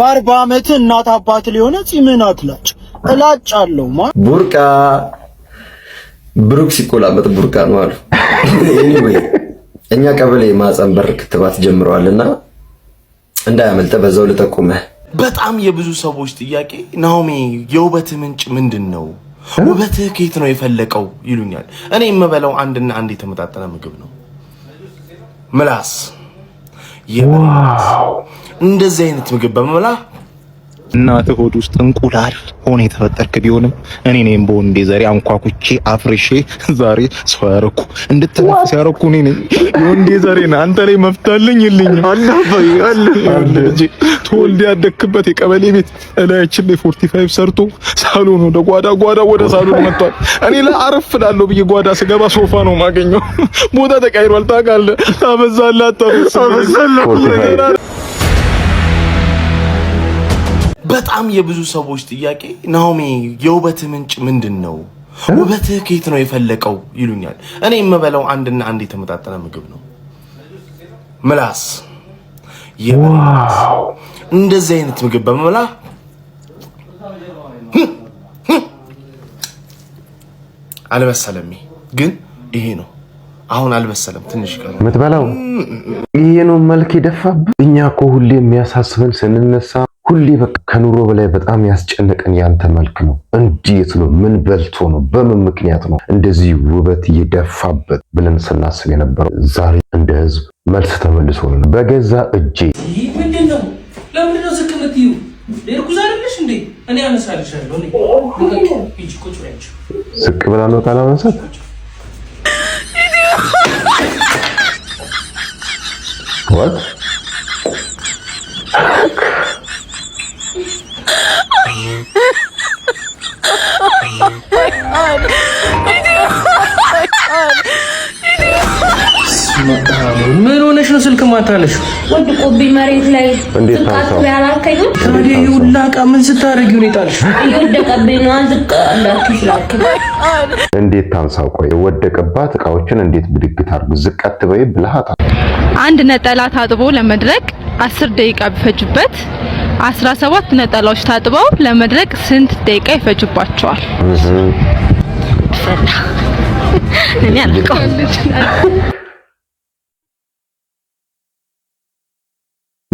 በአርባ ዓመት እናት አባት ሊሆነ ፂምን አትላጭ እላጭ አለው ማ ቡርቃ ብሩክ ሲቆላመጥ ቡርቃ ነው አሉ። እኛ ቀበሌ ማህፀን በር ክትባት ጀምረዋልና እንዳያመልጠ በዛው ልጠቁመህ። በጣም የብዙ ሰዎች ጥያቄ ናሆሜ፣ የውበት ምንጭ ምንድን ነው? ውበትህ ከየት ነው የፈለቀው ይሉኛል። እኔ የምበለው አንድና አንድ የተመጣጠነ ምግብ ነው። ምላስ እንደዚህ አይነት ምግብ በመብላ እናትህ ሆድ ውስጥ እንቁላል ሆነ የተፈጠርክ ቢሆንም እኔ ነኝ በወንዴ ዘሬ አንኳኩቼ አፍርሼ ዛሬ ሰው ያረኩ እንድትነፍስ ያረኩ እኔ ነኝ። የወንዴ ዘሬ ነህ አንተ ላይ መፍታልኝ ይልኝ አላፈይ አለ ልጅ ተወልደ ያደክበት የቀበሌ ቤት እላያችን ላይ 45 ሰርቶ ሳሎን ወደ ጓዳ ጓዳ ወደ ሳሎን መጥቷል። እኔ ለአረፍ እላለሁ ብዬ ጓዳ ስገባ ሶፋ ነው ማገኘው። ቦታ ተቀይሯል። ታውቃለህ። ታበዛለህ። አታበዛለህ በጣም የብዙ ሰዎች ጥያቄ ናሆሚ የውበት ምንጭ ምንድን ነው? ውበትህ ከየት ነው የፈለቀው ይሉኛል። እኔ የምበለው አንድና አንድ የተመጣጠነ ምግብ ነው። ምላስ እንደዚህ አይነት ምግብ በመላ አልበሰለም። ግን ይሄ ነው አሁን አልበሰለም። ትንሽ ቀር የምትበላው ይሄ ነው መልክ የደፋብህ። እኛ እኮ ሁሌ የሚያሳስበን ስንነሳ ሁሌ በቃ ከኑሮ በላይ በጣም ያስጨነቀን ያንተ መልክ ነው። እንዴት ነው? ምን በልቶ ነው? በምን ምክንያት ነው እንደዚህ ውበት እየደፋበት ብለን ስናስብ የነበረው ዛሬ እንደ ህዝብ መልስ ተመልሶልን በገዛ እጄ ዝቅ የምትይው? እንዴ? እኔ አነሳልሻለሁ። ዝቅ ብላ ነው ካላነሳት ወት ምን ሆነሽ ነው ስልክ ማታነሽ? ወድቆብኝ መሬት ላይ ምን ስታደርጊ ሁኔታልሽ? እንዴት ታንሳው? ቆይ የወደቀባት እቃዎችን እንዴት ብድግ ታርጉ? ዝቀት በይ ብልሃት አንድ ነጠላ ታጥቦ ለመድረቅ አስር ደቂቃ ቢፈጅበት 17 ነጠላዎች ታጥበው ለመድረቅ ስንት ደቂቃ ይፈጅባቸዋል? እኔ አላውቀውም።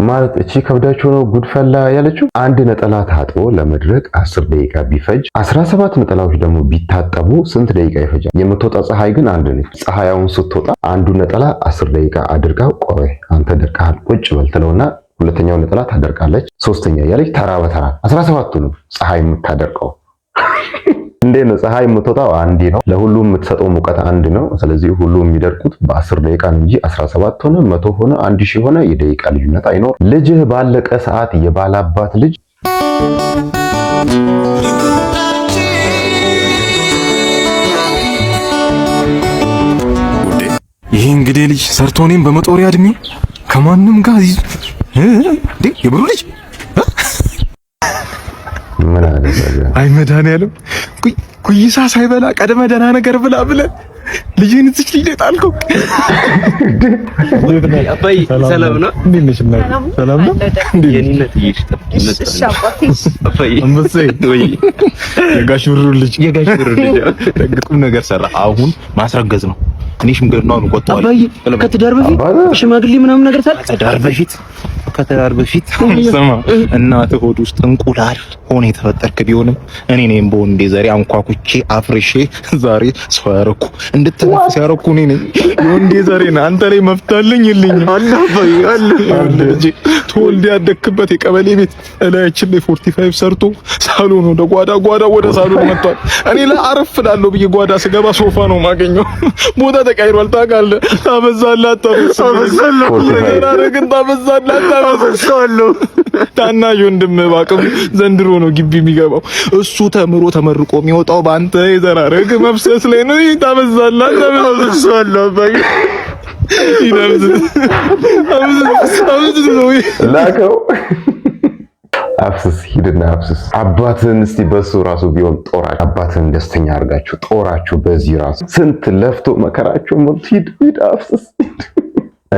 ማለት እቺ ከብዳችሁ ነው ጉድፈላ ያለችው። አንድ ነጠላ ታጥቦ ለመድረቅ 10 ደቂቃ ቢፈጅ 17 ነጠላዎች ደግሞ ቢታጠቡ ስንት ደቂቃ ይፈጃል? የምትወጣ ፀሐይ ግን አንድ ነች። ፀሐያውን ስትወጣ አንዱ ነጠላ 10 ደቂቃ አድርጋው ቆይ አንተ ደርቀሃል ቁጭ በል ትለውና ሁለተኛውን ነጠላ ታደርቃለች። ሶስተኛ እያለች ተራ በተራ አስራ ሰባቱንም ፀሐይ የምታደርቀው እንዴ ነው። ፀሐይ የምትወጣው አንዴ ነው። ለሁሉም የምትሰጠው ሙቀት አንድ ነው። ስለዚህ ሁሉም የሚደርቁት በአስር ደቂቃ ነው እንጂ 17 ሆነ መቶ ሆነ አንድ ሺህ ሆነ የደቂቃ ልዩነት አይኖር። ልጅህ ባለቀ ሰዓት የባላባት ልጅ ይህ እንግዲህ ልጅ ሰርቶ እኔም በመጦሪያ እድሜ ከማንም ጋር እንዴ የብሩ ልጅ አይ መድኃኒዓለም ኩይሳ ሳይበላ ቀደመ ደህና ነገር ብላ ብለ ልጅህን እዚች ልጅ ጣልከው። ሰላም ነው? ሰላም ነው? ልጅ ቁም ነገር ሰራ። አሁን ማስረገዝ ነው። እኔ ሽምግልናውን ቆጥተዋል። ከትዳር በፊት ሽማግሌ ምናምን ነገር ታል ከትዳር በፊት ከትዳር በፊት ስማ፣ እናትህ ሆድ ውስጥ እንቁላል ሆነ የተፈጠርክ ቢሆንም እኔ ነኝ በወንዴ ዘሬ አንኳኩቼ አፍርሼ ዛሬ ሰው ያረኩ እንድትነፍስ ሲያረኩ እኔ ነኝ። የወንዴ ዘሬ ነህ አንተ ላይ መፍታልኝ ይልኝ ተወልደ ያደግክበት የቀበሌ ቤት እላያችን ላይ 45 ሰርቶ ሳሎን ወደ ጓዳ ጓዳ ወደ ሳሎን መጥቷል። እኔ ላይ አረፍ እላለሁ ብዬ ጓዳ ስገባ ሶፋ ነው ማገኘው። ቦታ ተቀይሯል። ታውቃለህ ታበዛለህ አፈሳለሁ። ታናሽ ወንድም ባቅም ዘንድሮ ነው ግቢ የሚገባው። እሱ ተምሮ ተመርቆ የሚወጣው በአንተ የዘራረግ መፍሰስ ላይ ነው። ታበዛላ አፈሳለሁ። አባዬ ይደምዝ አብዝ ላከው አፍስስ ሂድና አፍስስ። አባትህን እስቲ በሱ ራሱ ቢሆን ጦራችሁ አባትህን ደስተኛ አድርጋችሁ ጦራችሁ በዚህ ራሱ ስንት ለፍቶ መከራቸው መብት ሂድ ሂድ አፍስስ ሂድ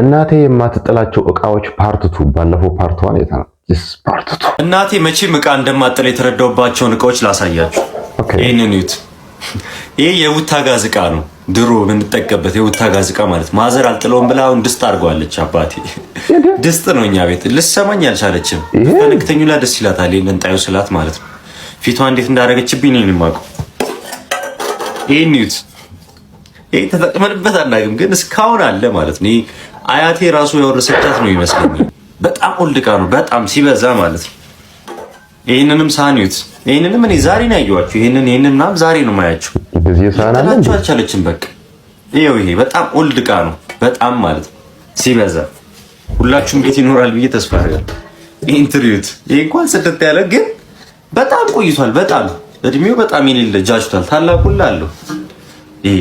እናቴ የማትጥላቸው እቃዎች ፓርትቱ ባለፈው ፓርቷን የታ ፓርትቱ እናቴ መቼም እቃ እንደማጥል የተረዳውባቸውን እቃዎች ላሳያችሁ። ይህንን ዩት ይህ የውታ ጋዝ እቃ ነው። ድሮ የምንጠቀበት የውታ ጋዝ እቃ ማለት ማዘር አልጥለውም ብላ አሁን ድስት አድርገዋለች። አባቴ ድስት ነው እኛ ቤት። ልሰማኝ አልቻለችም። ከንግተኙ ላ ደስ ይላታል። ይህንን ጣዩ ስላት ማለት ነው። ፊቷ እንዴት እንዳደረገችብኝ ነው የማውቀው ይህን ዩት ይህ ተጠቅመንበት አናውቅም፣ ግን እስካሁን አለ ማለት ነው። አያቴ ራሱ የወረሰቻት ነው ይመስለኛል። በጣም ኦልድ እቃ ነው፣ በጣም ሲበዛ ማለት ነው። ይህንንም ሳኒት ይህንንም እኔ ዛሬ ነው ያየኋቸው። ይህንን ይህንን ምናምን ዛሬ ነው ማያቸው። ላቸው አልቻለችም። በቃ ይኸው ይሄ በጣም ኦልድ እቃ ነው፣ በጣም ማለት ነው ሲበዛ። ሁላችሁም ቤት ይኖራል ብዬ ተስፋ አደርጋለሁ። ይህን ትሪዩት። ይህ እንኳን ስድት ያለ ግን በጣም ቆይቷል። በጣም እድሜው በጣም የሌለ ጃጅቷል። ታላቁላ አለሁ ይሄ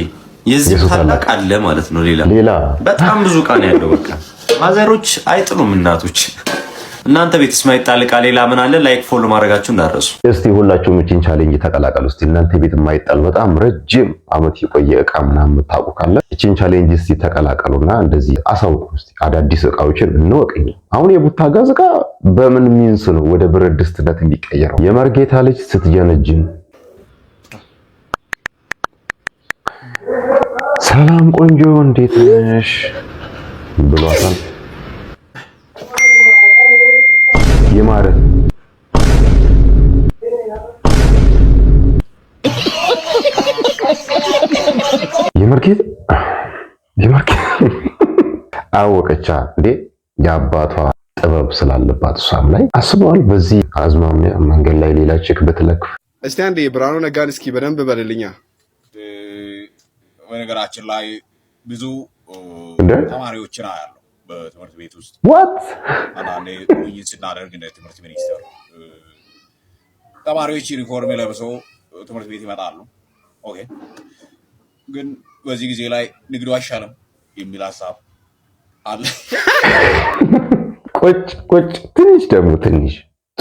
የዚህ ታላቅ አለ ማለት ነው። ሌላ ሌላ በጣም ብዙ እቃ ነው ያለው። በቃ ማዘሮች አይጥሉም እናቶች። እናንተ ቤት ማይጣል እቃ ሌላ ምን አለ? ላይክ ፎሎ ማድረጋችሁ እንዳረሱ። እስቲ ሁላችሁም እቺን ቻሌንጅ ተቀላቀሉ። እስቲ እናንተ ቤት የማይጣል በጣም ረጅም አመት የቆየ እቃ ምናምን የምታውቁ ካለ እቺን ቻሌንጅ እስቲ ተቀላቀሉና እንደዚህ አሳውቁ። እስቲ አዳዲስ እቃዎችን እንወቅኝ። አሁን የቡታ ጋዝ እቃ በምን ሚንስ ነው ወደ ብረት ድስትነት የሚቀየረው? የመርጌታ ልጅ ስትጀነጅን ሰላም ቆንጆ እንዴት ነሽ ብሏታል። ይማረ የመርኬት የመርኬት አወቀቻ እንዴ የአባቷ ጥበብ ስላለባት እሷም ላይ አስበዋል። በዚህ አዝማሚያ መንገድ ላይ ሌላ ቼክ ብትለክፍ። እስቲ አንዴ ብርሃኑ ነጋን እስኪ በደንብ በልልኛ በነገራችን ላይ ብዙ ተማሪዎችን አያለሁ በትምህርት ቤት ውስጥ አንዳንዴ ውይይት ስናደርግ እንደ ትምህርት ሚኒስቴር ተማሪዎች ዩኒፎርም ለብሰው ትምህርት ቤት ይመጣሉ። ኦኬ፣ ግን በዚህ ጊዜ ላይ ንግዱ አይሻልም የሚል ሀሳብ አለ። ቆጭ ቆጭ ትንሽ ደግሞ ትንሽ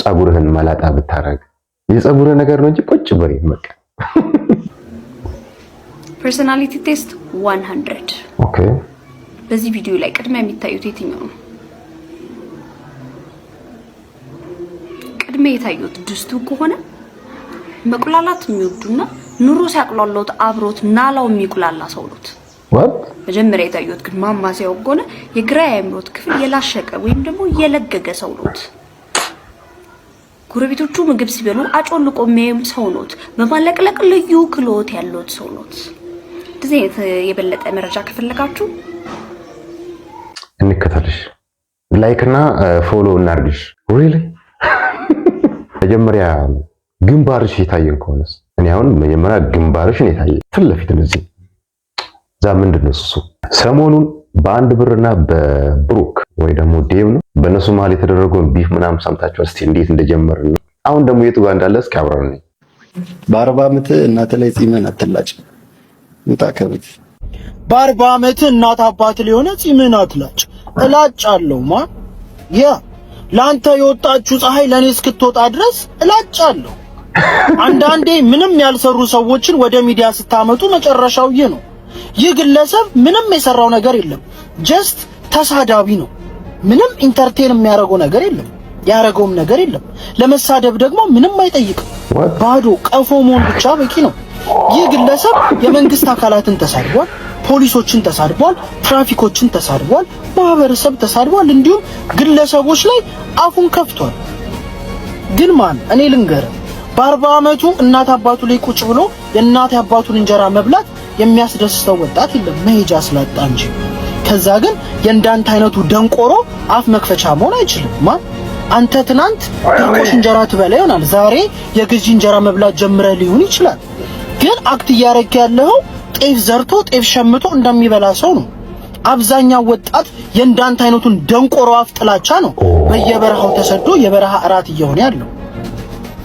ጸጉርህን መላጣ ብታረግ የጸጉርህ ነገር ነው እንጂ ቆጭ በሬ መቀ ፐርሶናሊቲ ቴስት 100። ኦኬ። በዚህ ቪዲዮ ላይ ቅድሚያ የሚታዩት የትኛው ነው? ቅድሚያ የታዩት ድስቱ ከሆነ መቁላላት የሚወዱና ኑሮ ሲያቅሏለት አብሮት ናላው የሚቁላላ ሰው ነው። መጀመሪያ የታዩት ግን ማማ ማማሲያው ከሆነ የግራ የአእምሮት ክፍል የላሸቀ ወይም ደግሞ የለገገ ሰው ነው። ጎረቤቶቹ ምግብ ሲበሉ አጮልቆ የሚያዩም ሰው ነው። በማለቅለቅ ልዩ ክሎት ያለው ሰው ነው። እንደዚህ አይነት የበለጠ መረጃ ከፈለጋችሁ እንከተልሽ፣ ላይክ እና ፎሎ እናርግሽ። ሪሊ መጀመሪያ ግንባርሽ የታየን ከሆነስ እኔ አሁን መጀመሪያ ግንባርሽን የታየ ፊት ለፊት እዚህ እዛ ምንድን ነው እሱ ሰሞኑን በአንድ ብርና በብሩክ ወይ ደግሞ ዴቭ ነው በእነሱ መሀል የተደረገውን ቢፍ ምናምን ሰምታችኋል። እስኪ እንዴት እንደጀመር አሁን ደግሞ የቱ ጋር እንዳለ እስኪ አብረን በአርባ ዓመት እናተ ላይ ጺምን አትላጭም ውጣ ከቤት በአርባ ዓመት እናት አባት ሊሆነ ፂምን አትላጭ እላጭ አለው ማ ያ ለአንተ የወጣችሁ ፀሐይ ለእኔ እስክትወጣ ድረስ እላጭ አለው። አንዳንዴ ምንም ያልሰሩ ሰዎችን ወደ ሚዲያ ስታመጡ መጨረሻው ይህ ነው። ይህ ግለሰብ ምንም የሰራው ነገር የለም። ጀስት ተሳዳቢ ነው። ምንም ኢንተርቴን የሚያደርገው ነገር የለም። ያደረገውም ነገር የለም። ለመሳደብ ደግሞ ምንም አይጠይቅም። ባዶ ቀፎ መሆን ብቻ በቂ ነው። ይህ ግለሰብ የመንግስት አካላትን ተሳድቧል፣ ፖሊሶችን ተሳድቧል፣ ትራፊኮችን ተሳድቧል፣ ማህበረሰብ ተሳድቧል፣ እንዲሁም ግለሰቦች ላይ አፉን ከፍቷል። ግን ማን እኔ ልንገር፣ በአርባ ዓመቱ እናት አባቱ ላይ ቁጭ ብሎ የእናት አባቱን እንጀራ መብላት የሚያስደስተው ወጣት የለም መሄጃ ስላጣ እንጂ። ከዛ ግን የእንዳንተ አይነቱ ደንቆሮ አፍ መክፈቻ መሆን አይችልም። ማን አንተ ትናንት ድርቆሽ እንጀራ ትበላ ይሆናል፣ ዛሬ የግዢ እንጀራ መብላት ጀምረ ሊሆን ይችላል። ግን አክት እያደረግ ያለው ጤፍ ዘርቶ ጤፍ ሸምቶ እንደሚበላ ሰው ነው። አብዛኛው ወጣት የእንዳንተ አይነቱን ደንቆሮ አፍ ጥላቻ ነው በየበረሃው ተሰዶ የበረሃ እራት እየሆነ ያለው።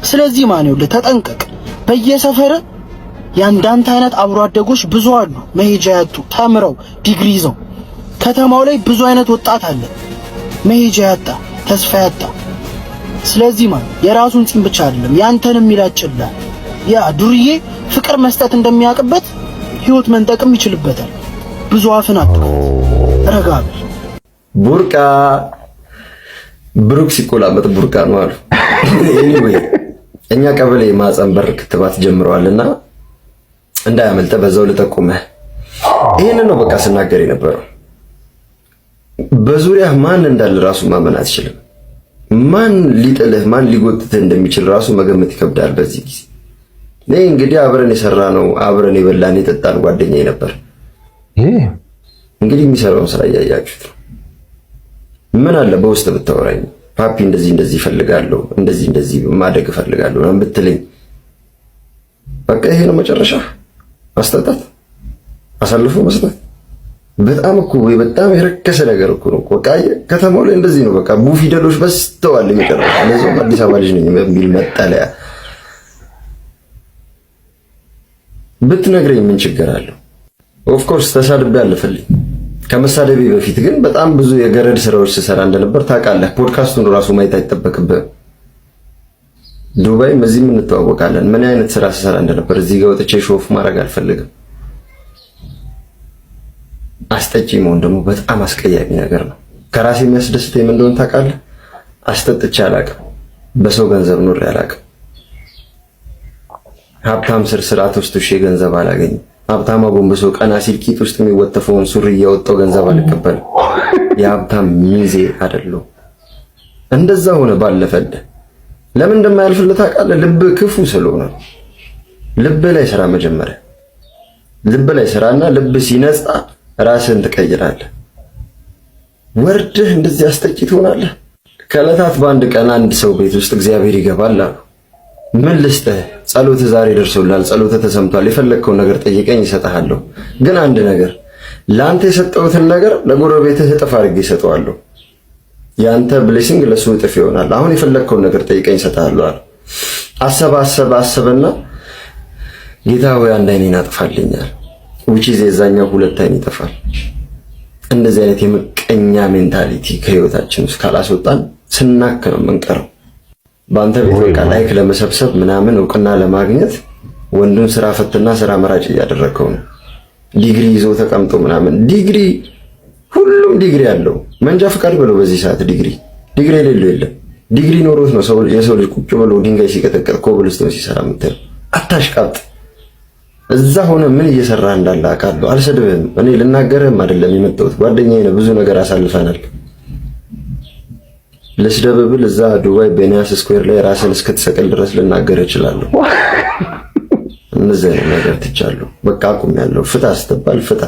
ስለዚህ ማን ይኸውልህ ተጠንቀቅ። በየሰፈር የእንዳንተ አይነት አብሮ አደጎች ብዙ አሉ፣ መሄጃ ያጡ ተምረው ዲግሪ ይዘው። ከተማው ላይ ብዙ አይነት ወጣት አለ፣ መሄጃ ያጣ ተስፋ ያጣ። ስለዚህ ማን የራሱን ፂም ብቻ አይደለም ያንተንም ይላጭላል ያ ዱርዬ ፍቅር መስጠት እንደሚያውቅበት ህይወት መንጠቅም ይችልበታል። ብዙ አፍን አትክፈት፣ ረጋ ቡርቃ ብሩክ ሲቆላመጥ ቡርቃ ነው አሉ። ኤኒዌይ እኛ ቀበሌ የማህፀን በር ክትባት ጀምረዋልና እንዳያመልጠ በዛው ልጠቁመህ። ይህንን ነው በቃ ስናገር የነበረው። በዙሪያ ማን እንዳለ ራሱ ማመን አትችልም። ማን ሊጥልህ ማን ሊጎትትህ እንደሚችል ራሱ መገመት ይከብዳል በዚህ ጊዜ ይህ እንግዲህ አብረን የሰራ ነው፣ አብረን የበላን የጠጣን ጓደኛ ነበር። እንግዲህ የሚሰራውን ስራ እያያችሁት ነው። ምን አለ በውስጥ ብታወራኝ ፓፒ እንደዚህ እንደዚህ ይፈልጋለሁ እንደዚህ እንደዚህ ማደግ እፈልጋለሁ ምናምን ብትለኝ፣ በቃ ይሄ ነው መጨረሻ። ማስጠጣት፣ አሳልፎ መስጠት። በጣም እኮ ወይ በጣም የረከሰ ነገር እኮ ነው። በቃ ከተማው ላይ እንደዚህ ነው። በቃ ቡ ፊደሎች በስተዋል የሚቀረው ለዚያውም አዲስ አበባ ልጅ ነኝ የሚል መጠለያ ብትነግረኝ ምን ችግር አለው? ኦፍኮርስ ተሳድቤ አልፈልኝ። ከመሳደቤ በፊት ግን በጣም ብዙ የገረድ ስራዎች ስሰራ እንደነበር ታውቃለህ። ፖድካስቱን ራሱ ማየት አይጠበቅብህም። ዱባይም እዚህም እንተዋወቃለን። ምን አይነት ስራ ስሰራ እንደነበር እዚህ ጋር ወጥቼ ሾፍ ማድረግ አልፈልግም። አስጠጪ መሆን ደግሞ በጣም አስቀያሚ ነገር ነው። ከራሴ የሚያስደስተኝ ምን እንደሆነ ታውቃለህ? አስጠጥቼ አላቅም። በሰው ገንዘብ ኑር አላቅም። ሀብታም ስር ስርዓት ውስጥ ሺ ገንዘብ አላገኝም። ሀብታም አጎንብሶ ቀና ሲል ቂጥ ውስጥ የሚወተፈውን ሱሪ እያወጣው ገንዘብ አልቀበል። የሀብታም ሚዜ አይደለሁም። እንደዛ ሆነ ባለፈለ ለምን እንደማያልፍልህ ታውቃለህ? ልብ ክፉ ስለሆነ ልብ ላይ ስራ መጀመሪያ ልብ ላይ ስራና ልብ ሲነጻ ራስን ትቀይራለህ። ወርድህ እንደዚህ አስጠቂ ትሆናለህ። ከለታት በአንድ ቀን አንድ ሰው ቤት ውስጥ እግዚአብሔር ይገባል አሉ። ምን ልስጥህ? ዛሬ ደርሶላል። ጸሎት ተሰምቷል። የፈለግከው ነገር ጠይቀኝ እሰጥሃለሁ። ግን አንድ ነገር ለአንተ የሰጠሁትን ነገር ለጎረቤትህ እጥፍ አድርጌ እሰጠዋለሁ። የአንተ ብሌሲንግ ለሱ እጥፍ ይሆናል። አሁን የፈለግከውን ነገር ጠይቀኝ እሰጥሃለሁ አለ። አሰበ አሰበ አሰበና ጌታ ሆይ አንድ አይኔን አጥፋልኛል። ውጪ የዛኛው ሁለት አይን ይጠፋል። እንደዚህ አይነት የምቀኛ ሜንታሊቲ ከህይወታችን ውስጥ ካላስወጣን ስናክ ነው የምንቀረው። በአንተ ቤት ላይክ ለመሰብሰብ ምናምን እውቅና ለማግኘት ወንዱን ስራ ፈትና ስራ መራጭ እያደረግከው ነው። ዲግሪ ይዞ ተቀምጦ ምናምን ዲግሪ ሁሉም ዲግሪ አለው። መንጃ ፈቃድ ብለው በዚህ ሰዓት ዲግሪ ዲግሪ የሌለው የለም። ዲግሪ ኖሮት ነው የሰው ልጅ ቁጭ ብሎ ድንጋይ ሲቀጠቀጥ ኮብልስቶን ሲሰራ የምታየው። አታሽቃብጥ። እዛ ሆነ ምን እየሰራ እንዳለ አውቃለሁ። አልሰድብህም። እኔ ልናገርህም አይደለም የመጣሁት ጓደኛዬ ነው። ብዙ ነገር አሳልፈናል። ልስደብብል እዛ ዱባይ ቤኒያስ ስኩዌር ላይ ራስን እስክትሰቅል ድረስ ልናገር እችላለሁ። እንደዚህ አይነት ነገር ትቻሉ። በቃ አቁም ያለው ፍታ ስትባል ፍታ።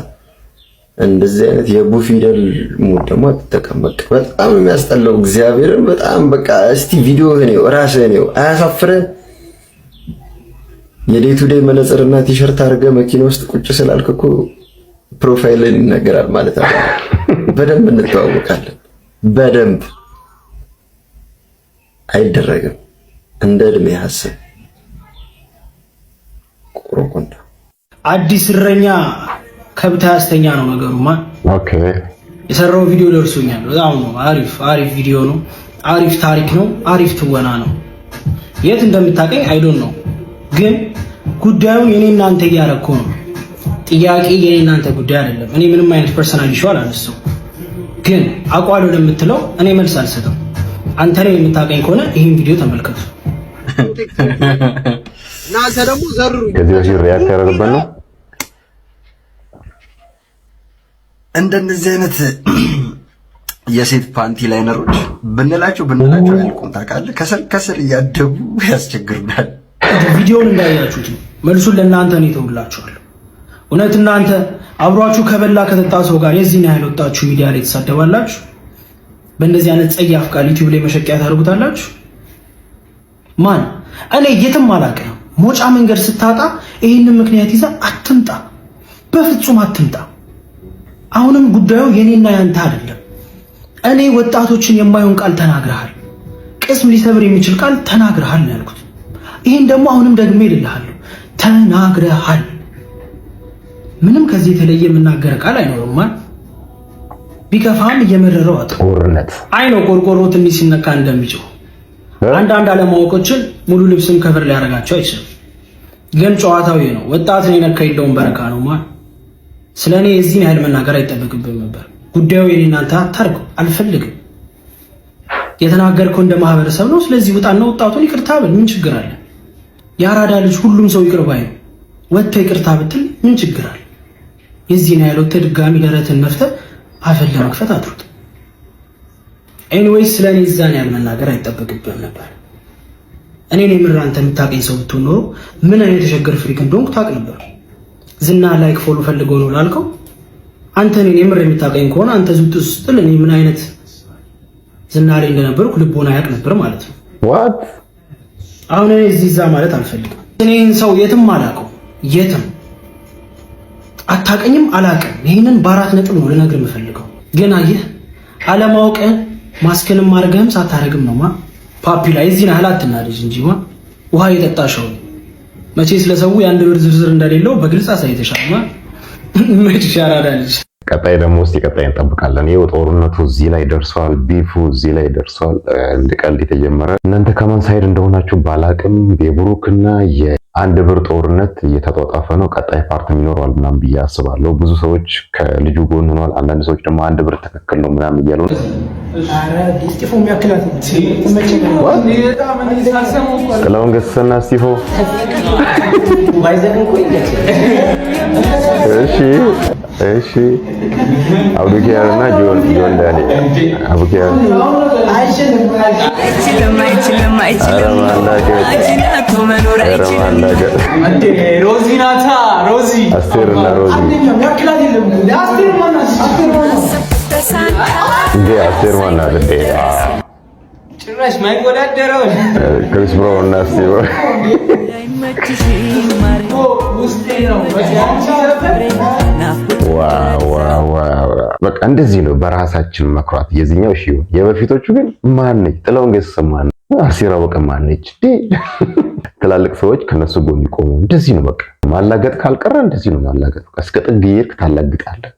እንደዚህ አይነት የቡ ፊደል ሙድ ደግሞ አትጠቀም። በጣም የሚያስጠላው እግዚአብሔርን በጣም በቃ እስቲ ቪዲዮ ነው ራስህ ነው አያሳፍርህ። የዴይ ቱ ዴይ መነጽርና ቲሸርት አድርገህ መኪና ውስጥ ቁጭ ስላልክ እኮ ፕሮፋይልን ይናገራል ማለት አለ። በደንብ እንተዋወቃለን በደንብ አይደረግም። እንደ እድሜ ሀሰብ ቆሮቆንዳ አዲስ እረኛ ከብት ያስተኛ ነው ነገሩማ። ኦኬ የሰራው ቪዲዮ ደርሶኛል። በጣም ነው አሪፍ አሪፍ ቪዲዮ ነው። አሪፍ ታሪክ ነው። አሪፍ ትወና ነው። የት እንደምታቀኝ አይዶን ነው ግን ጉዳዩን የኔ እናንተ እያረኩ ነው። ጥያቄ የኔ እናንተ ጉዳይ አይደለም። እኔ ምንም አይነት ፐርሰናል ይሸዋል አነሱ ግን አቋሎ ለምትለው እኔ መልስ አልሰጠም። አንተ ላይ የምታገኝ ከሆነ ይህን ቪዲዮ ተመልከቱ። እናንተ ደግሞ ዘሩ ከዚህ በፊት ሪያክት ያደረግበት ነው። እንደነዚህ አይነት የሴት ፓንቲ ላይነሮች ብንላቸው ብንላቸው ያልቁም ታውቃለህ። ከስር ከስር እያደጉ ያስቸግርናል። ቪዲዮውን እንዳያችሁት መልሱን ለእናንተ ነው የተውላችኋል። እውነት እናንተ አብሯችሁ ከበላ ከተጣ ሰው ጋር የዚህን ያህል ወጣችሁ ሚዲያ ላይ ትሳደባላችሁ። በእንደዚህ አይነት ጸያፍ ቃል ዩቲዩብ ላይ መሸቂያ ታደርጉታላችሁ። ማን እኔ የትም አላቀ ሞጫ መንገድ ስታጣ ይህንን ምክንያት ይዛ አትምጣ፣ በፍጹም አትምጣ። አሁንም ጉዳዩ የኔና ያንተ አይደለም። እኔ ወጣቶችን የማይሆን ቃል ተናግረሃል፣ ቅስም ሊሰብር የሚችል ቃል ተናግረሃል ነው ያልኩት። ይህን ደግሞ አሁንም ደግሜ እልሃለሁ፣ ተናግረሃል። ምንም ከዚህ የተለየ የምናገረ ቃል አይኖርም። ቢከፋም እየመረረው አጥ ጦርነት አይ ነው ቆርቆሮ ትንሽ ሲነካ እንደሚጮህ አንዳንድ አለማወቆችን ሙሉ ልብስም ከፍር ሊያደርጋቸው አይችልም። ግን ጨዋታዊ ነው። ወጣት የነካ የለውም በረካ ነው ማለት ስለ እኔ የዚህን ያህል መናገር አይጠበቅብም ነበር። ጉዳዩ የኔ እናንተ አታርጉ አልፈልግም። የተናገርከው እንደ ማህበረሰብ ነው። ስለዚህ ውጣና ወጣቱን ይቅርታ ብል ምን ችግር አለ? የአራዳ ልጅ ሁሉም ሰው ይቅር ባይ ነው። ወጥተህ ይቅርታ ብትል ምን ችግር አለ? የዚህን ያህል ወጥተህ ድጋሚ ደረትን መፍተህ አፈን ለመክፈት አትሩጥ። ኤኒዌይስ ስለኔ እዛን ያል መናገር አይጠበቅብህም ነበር። እኔ ነው ምራ አንተ የምታቀኝ ሰው ብትሆን ኖሮ ምን አይነት የሸገር ፍሪክ እንደሆንኩ ታውቅ ነበር። ዝና ላይክ ፎሎ ፈልገው ነው ላልከው አንተ እኔን የምር የምታቀኝ ከሆነ አንተ ዝም ስትል እኔ ምን አይነት ዝና ላይ እንደነበርኩ ልቦና ያውቅ ነበር ማለት ነው። ዋት አሁን እኔ እዚህ እዛ ማለት አልፈልግም። እኔን ሰው የትም አላውቀው የትም አታቀኝም አላቀም። ይህንን በአራት ነጥብ ነው ልነግር የምፈልገው። ግን አየህ አለማወቅህን ማስክንም ማድረግህም ሳታረግም ነው ማ ፓፒ ላይ እዚህ ናህል አትናደጅ እንጂ ማ ውሃ የጠጣሽው መቼ ስለሰው የአንድ ብር ዝርዝር እንደሌለው በግልጽ አሳይተሻል። ማ መች ሻራዳልሽ ቀጣይ ደግሞ ውስጥ የቀጣይ እንጠብቃለን። ይኸው ጦርነቱ እዚህ ላይ ደርሰዋል። ቢፉ እዚህ ላይ ደርሰዋል። እንደ ቀልድ የተጀመረ እናንተ ከማን ሳይድ እንደሆናችሁ ባላቅም የብሩክና አንድ ብር ጦርነት እየተጧጧፈ ነው። ቀጣይ ፓርትም ይኖረዋል ምናምን ብዬ አስባለሁ። ብዙ ሰዎች ከልጁ ጎን ሆኗል። አንዳንድ ሰዎች ደግሞ አንድ ብር ትክክል ነው ምናምን እያሉ ጥላሁን ገሰሰና እስጢፎ እሺ፣ እሺ፣ እና ጆን ዳኒ ነገር ሮዚ ሮዚ አስቴርና ሮዚ እንዴ አስቴር ማናት እንዴ ጭራሽ ማይወዳደረው ክሪስ ብሮ እና ስቲቭ በቃ እንደዚህ ነው በራሳችን መኩራት። የዚህኛው እሺ፣ የበፊቶቹ ግን ማን ነች? ጥለውን ገሰሰ ማን አሲራ በቀማ ነች። ትላልቅ ሰዎች ከነሱ ጎን ይቆሙ። እንደዚህ ነው በቃ ማላገጥ ካልቀረ እንደዚህ ነው ማላገጥ። እስከ ጥግ ይርክ ታላግጣለህ።